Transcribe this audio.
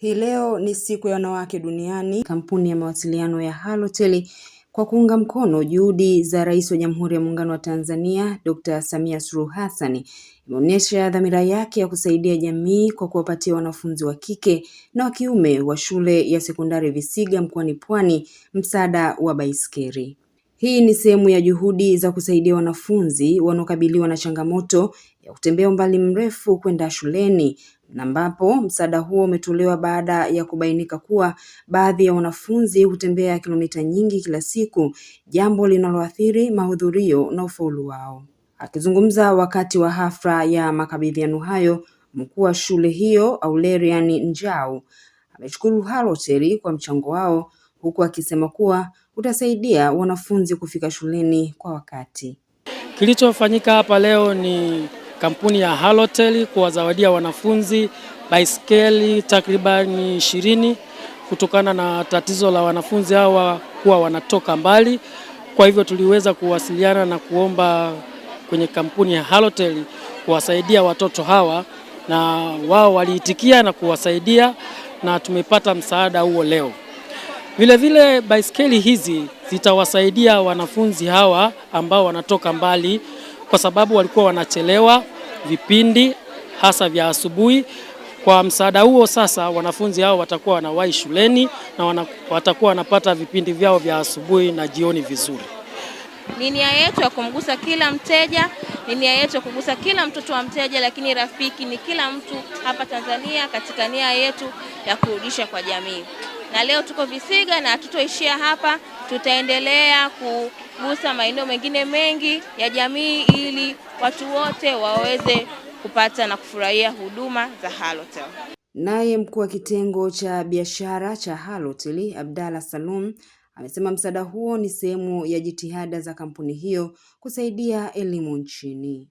Hii leo ni siku ya wanawake duniani. Kampuni ya mawasiliano ya Halotel kwa kuunga mkono juhudi za Rais wa Jamhuri ya Muungano wa Tanzania Dr. Samia Suluhu Hassan imeonyesha dhamira yake ya kusaidia jamii kwa kuwapatia wanafunzi wa kike na wa kiume wa shule ya sekondari Visiga mkoani Pwani msaada wa baiskeli. Hii ni sehemu ya juhudi za kusaidia wanafunzi wanaokabiliwa na changamoto ya kutembea umbali mrefu kwenda shuleni na ambapo msaada huo umetolewa baada ya kubainika kuwa baadhi ya wanafunzi hutembea kilomita nyingi kila siku, jambo linaloathiri mahudhurio na ufaulu wao. Akizungumza wakati wa hafla ya makabidhiano hayo, mkuu wa shule hiyo Aurelian Njau ameshukuru Halotel kwa mchango wao huku akisema kuwa utasaidia wanafunzi kufika shuleni kwa wakati. Kilichofanyika hapa leo ni kampuni ya Halotel kuwazawadia wanafunzi baiskeli takriban ishirini kutokana na tatizo la wanafunzi hawa kuwa wanatoka mbali. Kwa hivyo tuliweza kuwasiliana na kuomba kwenye kampuni ya Halotel kuwasaidia watoto hawa, na wao waliitikia na kuwasaidia, na tumepata msaada huo leo. Vilevile baiskeli hizi zitawasaidia wanafunzi hawa ambao wanatoka mbali, kwa sababu walikuwa wanachelewa vipindi hasa vya asubuhi. Kwa msaada huo sasa, wanafunzi hao watakuwa wanawahi shuleni na wana, watakuwa wanapata vipindi vyao vya asubuhi na jioni vizuri. Ni nia yetu ya kumgusa kila mteja, ni nia yetu ya kugusa kila mtoto wa mteja, lakini rafiki ni kila mtu hapa Tanzania, katika nia yetu ya kurudisha kwa jamii na leo tuko Visiga na hatutoishia hapa, tutaendelea kugusa maeneo mengine mengi ya jamii ili watu wote waweze kupata na kufurahia huduma za Halotel. Naye mkuu wa kitengo cha biashara cha Halotel Abdalla Salum amesema msaada huo ni sehemu ya jitihada za kampuni hiyo kusaidia elimu nchini.